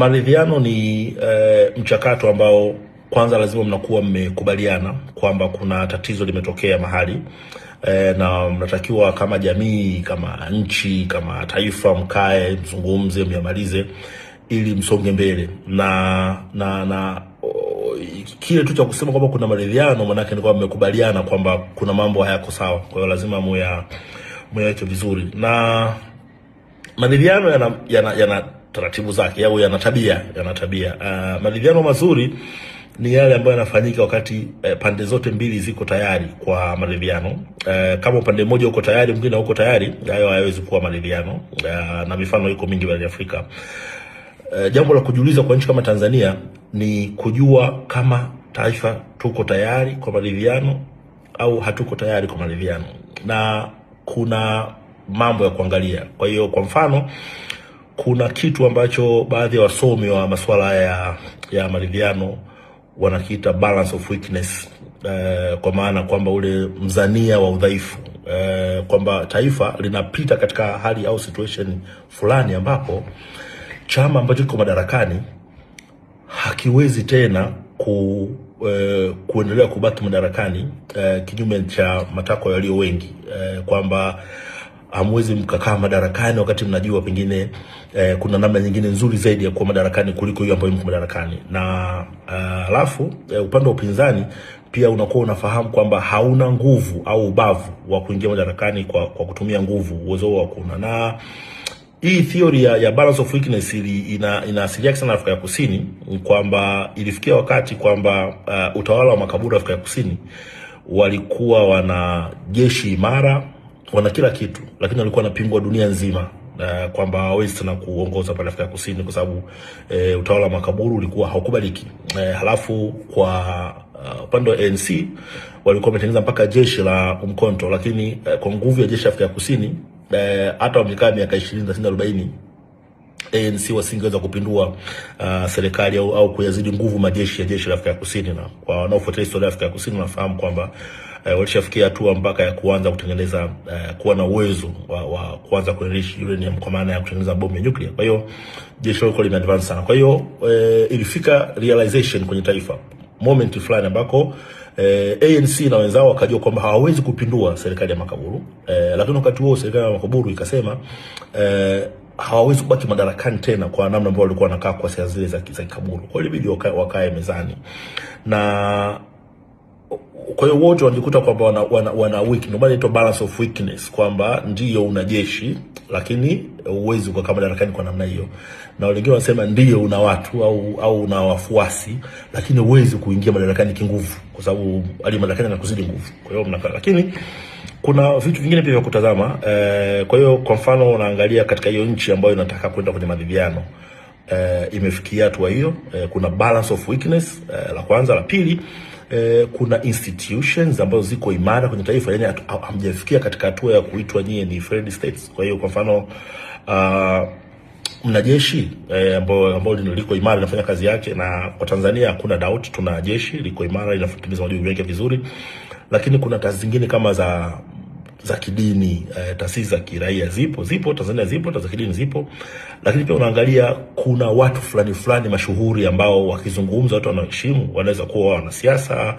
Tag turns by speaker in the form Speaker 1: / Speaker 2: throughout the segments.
Speaker 1: Maridhiano ni e, mchakato ambao kwanza lazima mnakuwa mmekubaliana kwamba kuna tatizo limetokea mahali e, na mnatakiwa kama jamii, kama nchi, kama taifa mkae mzungumze, myamalize ili msonge mbele na na na kile tu cha kusema kwamba kuna maridhiano, maanake ni kwamba mmekubaliana kwamba kuna mambo hayako sawa, kwa hiyo lazima muya muyaweke vizuri, na maridhiano yana, yana, yana taratibu zake au yana tabia yana tabia. Uh, maridhiano mazuri ni yale ambayo yanafanyika wakati eh, pande zote mbili ziko tayari kwa maridhiano. Eh, kama upande mmoja uko tayari, mwingine uko tayari, hayo hayawezi kuwa maridhiano. Eh, na mifano iko mingi barani Afrika. Eh, jambo la kujiuliza kwa nchi kama Tanzania ni kujua kama taifa tuko tayari kwa maridhiano au hatuko tayari kwa maridhiano, na kuna mambo ya kuangalia. Kwa hiyo kwa mfano kuna kitu ambacho baadhi ya wasomi wa masuala ya, ya maridhiano wanakiita balance of weakness eh, kwa maana kwamba ule mzania wa udhaifu eh, kwamba taifa linapita katika hali au situation fulani ambapo chama ambacho kiko madarakani hakiwezi tena ku eh, kuendelea kubaki madarakani eh, kinyume cha matakwa yaliyo wengi eh, kwamba hamwezi mkakaa madarakani wakati mnajua pengine eh, kuna namna nyingine nzuri zaidi ya kuwa madarakani kuliko hiyo ambayo mko madarakani. Na halafu eh, uh, eh, upande wa upinzani pia unakuwa unafahamu kwamba hauna nguvu au ubavu wa kuingia madarakani kwa, kwa kutumia nguvu, uwezo wao hakuna. Na hii theory ya, ya balance of weakness ili, ina inaasili yake sana Afrika ya Kusini kwamba ilifikia wakati kwamba uh, utawala wa makaburu Afrika ya Kusini walikuwa wana jeshi imara wana kila kitu, lakini walikuwa wanapingwa dunia nzima na kwamba hawezi tena kuongoza pale Afrika Kusini kwa sababu e, utawala wa makaburu ulikuwa haukubaliki. E, halafu kwa uh, upande uh, wa ANC walikuwa wametengeneza mpaka jeshi la Umkhonto, lakini e, kwa nguvu ya jeshi la Afrika Kusini hata uh, wamekaa miaka 20 30 40 ANC wasingeweza kupindua uh, serikali au, au kuyazidi nguvu majeshi ya jeshi la Afrika Kusini, na kwa wanaofuatilia historia ya Afrika Kusini wanafahamu kwamba uh, walishafikia hatua mpaka ya kuanza kutengeneza uh, kuwa na uwezo wa, wa kuanza kuenrich uranium kwa maana ya kutengeneza bomu ya nuclear. Kwa hiyo jeshi lilikuwa lime advance sana. Kwa hiyo uh, ilifika realization kwenye taifa moment fulani ambako eh, ANC na wenzao wakajua kwamba hawawezi kupindua serikali ya Makaburu eh, lakini wakati huo serikali ya Makaburu ikasema eh, hawawezi kubaki madarakani tena kwa namna ambayo walikuwa wanakaa kwa siasa zile za Kikaburu. Kwa hiyo ilibidi wakae mezani na kwa hiyo wote wanajikuta kwamba wana, wana, wana weak, ndio maana inaitwa balance of weakness, kwamba ndiyo una jeshi lakini uwezi kukaa madarakani kwa namna hiyo, na wengine wanasema ndiyo una watu au au una wafuasi, lakini uwezi kuingia madarakani kinguvu, kwa sababu ali madarakani anakuzidi nguvu. Kwa hiyo mnakaa, lakini kuna vitu vingine pia vya kutazama e. Kwa hiyo kwa mfano unaangalia katika hiyo nchi ambayo inataka kwenda kwenye maridhiano e, imefikia hatua hiyo e, kuna balance of weakness e, la kwanza. La pili eh, kuna institutions ambazo ziko imara kwenye taifa, yani hamjafikia katika hatua ya kuitwa nyie ni friend states. Kwa hiyo kwa mfano uh, mna jeshi eh, ambao ambao liko imara linafanya kazi yake, na kwa Tanzania hakuna doubt, tuna jeshi liko imara linafanya wajibu wake vizuri, lakini kuna kazi zingine kama za za kidini eh, taasisi za kiraia zipo zipo Tanzania zipo za kidini zipo, lakini pia unaangalia kuna watu fulani fulani mashuhuri ambao wakizungumza watu wanaheshimu, wanaweza kuwa wanasiasa,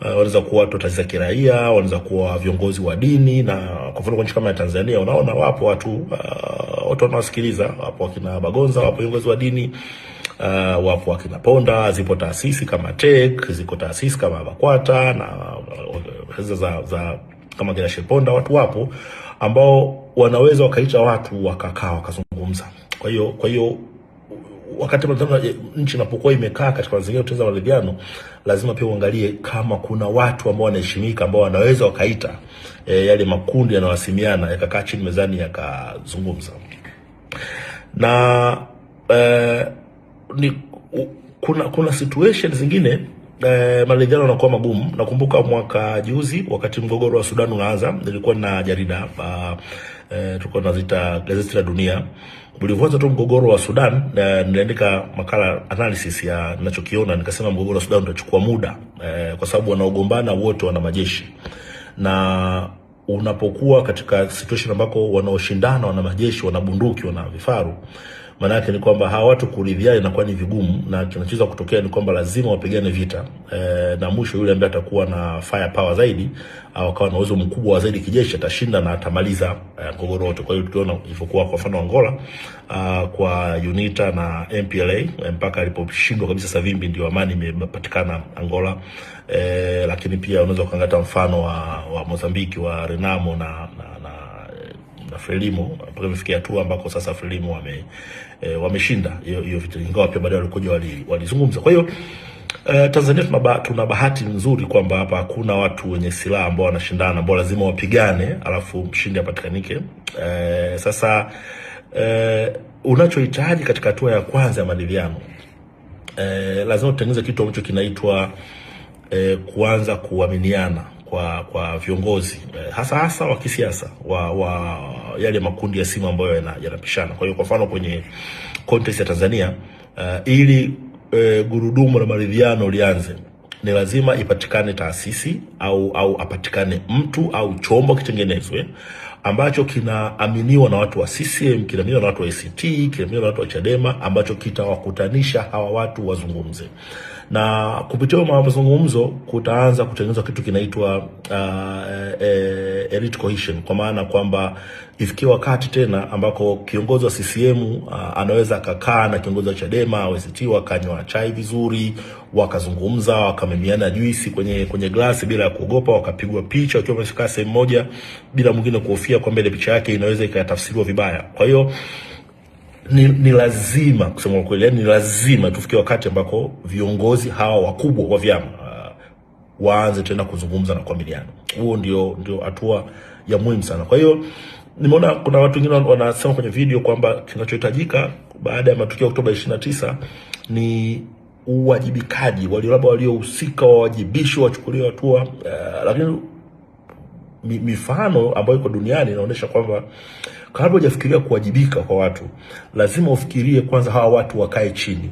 Speaker 1: uh, wanaweza kuwa watu taasisi za kiraia, wanaweza kuwa viongozi wa dini. Na kwa mfano nchi kama ya Tanzania unaona wapo watu uh, watu wanaosikiliza wapo wakina Bagonza, wapo viongozi wa dini uh, wapo wakina Ponda, zipo taasisi kama TEC, ziko taasisi kama BAKWATA na uh, za, za kama kina Sheponda, watu wapo ambao wanaweza wakaita watu wakakaa wakazungumza. Kwa hiyo kwa hiyo wakati nchi inapokuwa imekaa katika mazingira ya maridhiano, lazima pia uangalie kama kuna watu ambao wanaheshimika ambao wanaweza wakaita e, yale makundi yanawasimiana yakakaa chini mezani yakazungumza na e, ni, kuna, kuna situation zingine E, maridhiano yanakuwa magumu. Nakumbuka mwaka juzi wakati mgogoro wa Sudan unaanza, nilikuwa na jarida uh, e, tulikuwa tunaziita gazeti la Dunia. Ulivyoanza tu mgogoro wa Sudan e, niliandika makala analysis ya ninachokiona, nikasema mgogoro wa Sudan utachukua muda e, kwa sababu wanaogombana wote wana majeshi na unapokuwa katika situation ambako wanaoshindana wana majeshi, wana bunduki, wana vifaru maanake ni kwamba hawa watu kuridhiana inakuwa ni vigumu, na kinachoweza kutokea ni kwamba lazima wapigane vita e, na mwisho yule ambaye atakuwa na fire power zaidi au akawa na uwezo mkubwa zaidi kijeshi atashinda na atamaliza e, mgogoro e, wote. Kwa hiyo tuliona ilivyokuwa kwa mfano Angola a, kwa UNITA na MPLA e, mpaka aliposhindwa kabisa Savimbi, ndio amani imepatikana Angola e, lakini pia unaweza kuangata mfano wa, wa Mozambiki wa Renamo na, na na Frelimo mpaka imefikia hatua ambako sasa Frelimo wame e, wameshinda hiyo hiyo vita, ingawa pia baadaye walikuja walizungumza wali. Kwa hiyo e, Tanzania tuna, tuna bahati nzuri kwamba hapa hakuna watu wenye silaha ambao wanashindana ambao lazima wapigane alafu mshindi apatikanike. E, sasa e, unachohitaji katika hatua ya kwanza ya madiliano e, lazima tutengeneze kitu ambacho kinaitwa e, kuanza kuaminiana kwa kwa viongozi eh, hasa hasa wa kisiasa wa wa yale makundi ya simu ambayo yanapishana. Kwa hiyo kwa mfano kwenye context ya Tanzania uh, ili uh, gurudumu la maridhiano lianze ni lazima ipatikane taasisi au au apatikane mtu au chombo kitengenezwe ambacho kinaaminiwa na watu wa CCM, kinaaminiwa na watu wa ACT, kinaaminiwa na watu wa Chadema ambacho kitawakutanisha hawa watu wazungumze na kupitia mazungumzo kutaanza kutengenezwa kitu kinaitwa uh, e, elite cohesion, kwa maana kwamba ifikie wakati tena ambako kiongozi wa CCM uh, anaweza akakaa na kiongozi wa Chadema au ACT wakanywa chai vizuri, wakazungumza, wakamimiana juisi kwenye kwenye glasi bila ya kuogopa, wakapigwa picha wakiwa wamekaa sehemu moja bila mwingine kuhofia kwamba ile picha yake inaweza ikatafsiriwa vibaya. Kwa hiyo ni, ni lazima kusema ukweli, yani ni lazima tufikie wakati ambako viongozi hawa wakubwa wa vyama uh, waanze tena kuzungumza na kuamiliana. Huo ndio ndio hatua ya muhimu sana. Kwa hiyo nimeona kuna watu wengine wanasema kwenye video kwamba kinachohitajika baada ya matukio ya Oktoba 29 ni uwajibikaji, walio labda waliohusika wawajibishwe, wachukuliwe hatua uh, lakini mifano ambayo iko duniani inaonyesha kwamba kabla hujafikiria kuwajibika kwa watu, lazima ufikirie kwanza hawa watu wakae chini,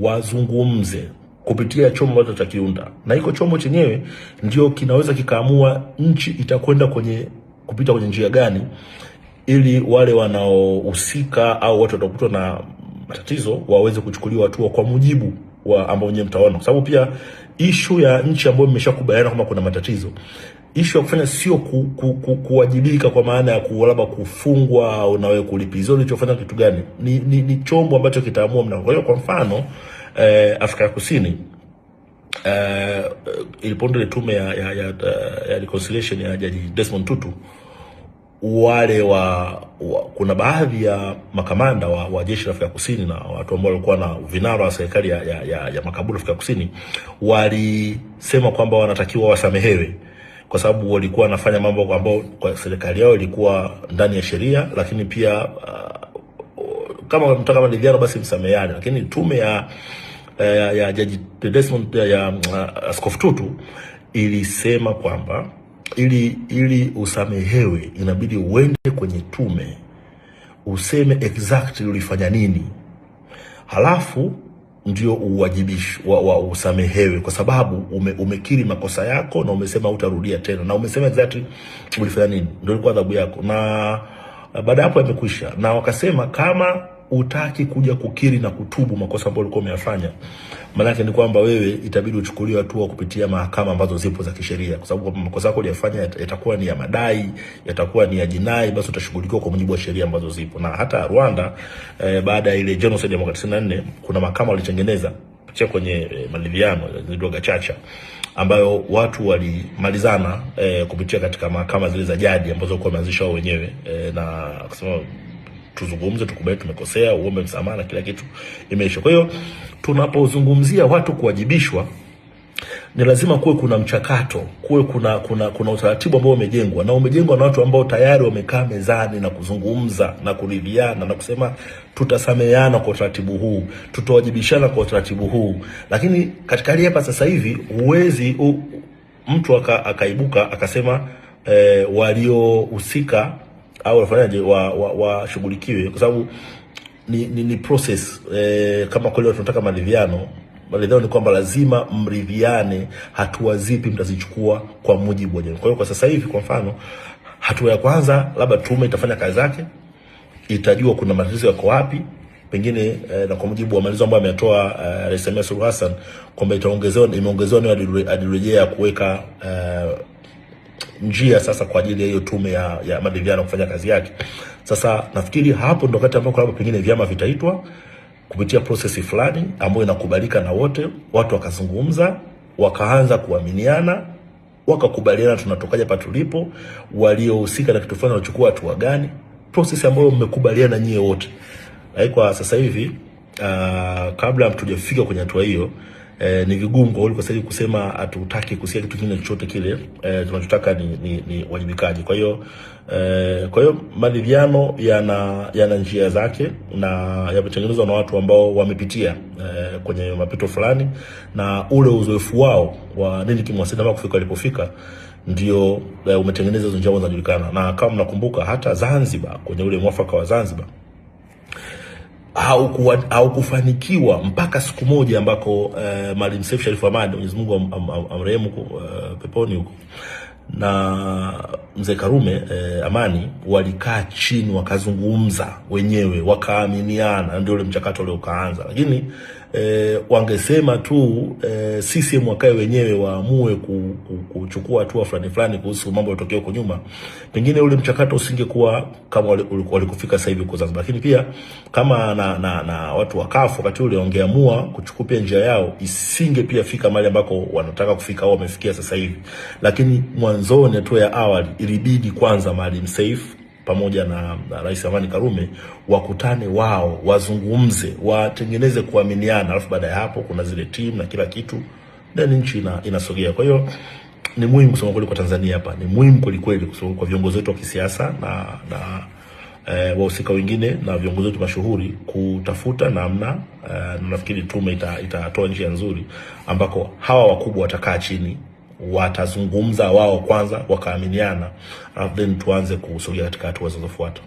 Speaker 1: wazungumze kupitia chombo ambacho tutakiunda, na iko chombo chenyewe ndio kinaweza kikaamua nchi itakwenda kwenye kupita kwenye njia gani, ili wale wanaohusika au watu watakutwa na matatizo waweze kuchukuliwa hatua kwa mujibu wa ambao nyewe mtaona, kwa sababu pia ishu ya nchi ambayo imeshakubaliana kwamba kuna matatizo ishu ya kufanya sio ku, ku, ku, kuwajibika kwa maana ya labda kufungwa au nawe kulipizwa ulichofanya kitu gani, ni, ni, ni chombo ambacho kitaamua mna. Kwa hiyo kwa mfano eh, Afrika ya Kusini eh, ilipounda ile tume ya, ya, ya, eh, ya reconciliation ya Jaji Desmond Tutu wale wa, wa kuna baadhi ya makamanda wa, wa jeshi la Afrika Kusini na watu ambao walikuwa na vinara wa serikali ya, ya, ya, ya makaburu Afrika Kusini walisema kwamba wanatakiwa wasamehewe kwa sababu walikuwa wanafanya mambo ambao kwa serikali yao ilikuwa ndani ya sheria, lakini pia uh, kama mtaka maridhiano basi msameheane, lakini tume ya ya, ya, ya, ya, ya, ya, ya, ya, ya, ya Askofu Tutu ilisema kwamba ili ili usamehewe, inabidi uende kwenye tume useme exactly ulifanya nini, halafu ndio uwajibishwe wa, wa usamehewe, kwa sababu ume, umekiri makosa yako na umesema utarudia tena na umesema exactly ulifanya nini, ndio ilikuwa adhabu yako, na baada ya hapo imekwisha. Na wakasema kama utaki kuja kukiri na kutubu makosa ambayo ulikuwa umeyafanya, maanake ni kwamba wewe itabidi uchukuliwe hatua kupitia mahakama ambazo zipo za kisheria, kwa sababu makosa yako uliyafanya yatakuwa ni ya madai, yatakuwa ni ya jinai, basi utashughulikiwa kwa mujibu wa sheria ambazo zipo. Na hata Rwanda eh, baada ya ile genocide ya mwaka 94 kuna mahakama walitengeneza kupitia kwenye eh, maridhiano zilizoitwa gachacha ambayo watu walimalizana eh, kupitia katika mahakama zile za jadi ambazo kwa wameanzisha wao wenyewe eh, na kusema tuzungumze, tukubali tumekosea, uombe msamaha na kila kitu imeisha. Kwa hiyo tunapozungumzia watu kuwajibishwa ni lazima kuwe kuna mchakato, kuwe kuna kuna kuna utaratibu ambao umejengwa na umejengwa na watu ambao tayari wamekaa mezani na kuzungumza na kuridhiana na kusema tutasameheana kwa utaratibu huu, tutawajibishana kwa utaratibu huu. Lakini katika hali hapa sasa hivi huwezi mtu akaibuka aka akasema e, waliohusika au wafanyaje washughulikiwe wa, wa kwa sababu ni, ni, ni process eh, kama kweli tunataka maridhiano maridhiano ni kwamba lazima mridhiane hatua zipi mtazichukua kwa mujibu wa jamii. Kwa hiyo kwa sasa hivi, kwa mfano, hatua ya kwanza labda tume itafanya kazi zake, itajua kuna matatizo yako wapi pengine eh, na kwa mujibu wa maelezo ambayo ametoa eh, Rais Samia Suluhu Hassan kwamba itaongezewa imeongezewa ni adirejea kuweka eh, njia sasa kwa ajili ya hiyo tume ya, ya maridhiano kufanya kazi yake. Sasa nafikiri hapo ndo wakati ambao labda pengine vyama vitaitwa kupitia prosesi fulani ambayo inakubalika na wote, watu wakazungumza, wakaanza kuaminiana, wakakubaliana tunatokaje pa tulipo, waliohusika na kitu fulani wachukua hatua gani, prosesi ambayo mmekubaliana nyie wote. Kwa sasa hivi uh, kabla hatujafika kwenye hatua hiyo eh, ni vigumu kwa kwa sasa kusema hatutaki kusikia kitu kingine chochote kile. Eh, tunachotaka ni, ni, ni wajibikaji. Kwa hiyo eh, kwa hiyo maridhiano yana yana njia zake na yametengenezwa na watu ambao wamepitia eh, kwenye mapito fulani na ule uzoefu wao wa nini kimwasaidia mpaka kufika walipofika ndio eh, umetengeneza hizo njia zinajulikana, na kama mnakumbuka hata Zanzibar kwenye ule mwafaka wa Zanzibar haukufanikiwa hauku mpaka siku moja ambako uh, eh, Maalim Seif Sharif Hamad Mwenyezi Mungu amrehemu am, am, amrehemu uh, peponi huko na mzee Karume eh, Amani walikaa chini wakazungumza wenyewe wakaaminiana, ndio ule mchakato ule ukaanza, lakini e, wangesema tu e, eh, CCM wakae wenyewe waamue kuchukua hatua fulani fulani kuhusu mambo yaliyotokea huko nyuma, pengine ule mchakato usingekuwa kama walikufika sasa hivi kwa Zanzibar. Lakini pia kama na, na, na watu wakafu wakati ule wangeamua kuchukua pia njia yao, isinge pia fika mahali ambako wanataka kufika au wamefikia sasa hivi. Lakini mwanzoni, hatua ya awali ilibidi kwanza Maalim Seif pamoja na Rais Amani Karume wakutane wao, wazungumze, watengeneze kuaminiana, alafu baada ya hapo kuna zile timu na kila kitu, then nchi ina, inasogea. Kwa hiyo ni muhimu kusema kweli kwa Tanzania hapa ni muhimu kweli kweli kwa viongozi wetu wa kisiasa na na e, wahusika wengine na viongozi wetu mashuhuri kutafuta namna e, nafikiri tume itatoa ita njia nzuri ambako hawa wakubwa watakaa chini watazungumza wao kwanza, wakaaminiana, then tuanze kusogea katika hatua zinazofuata.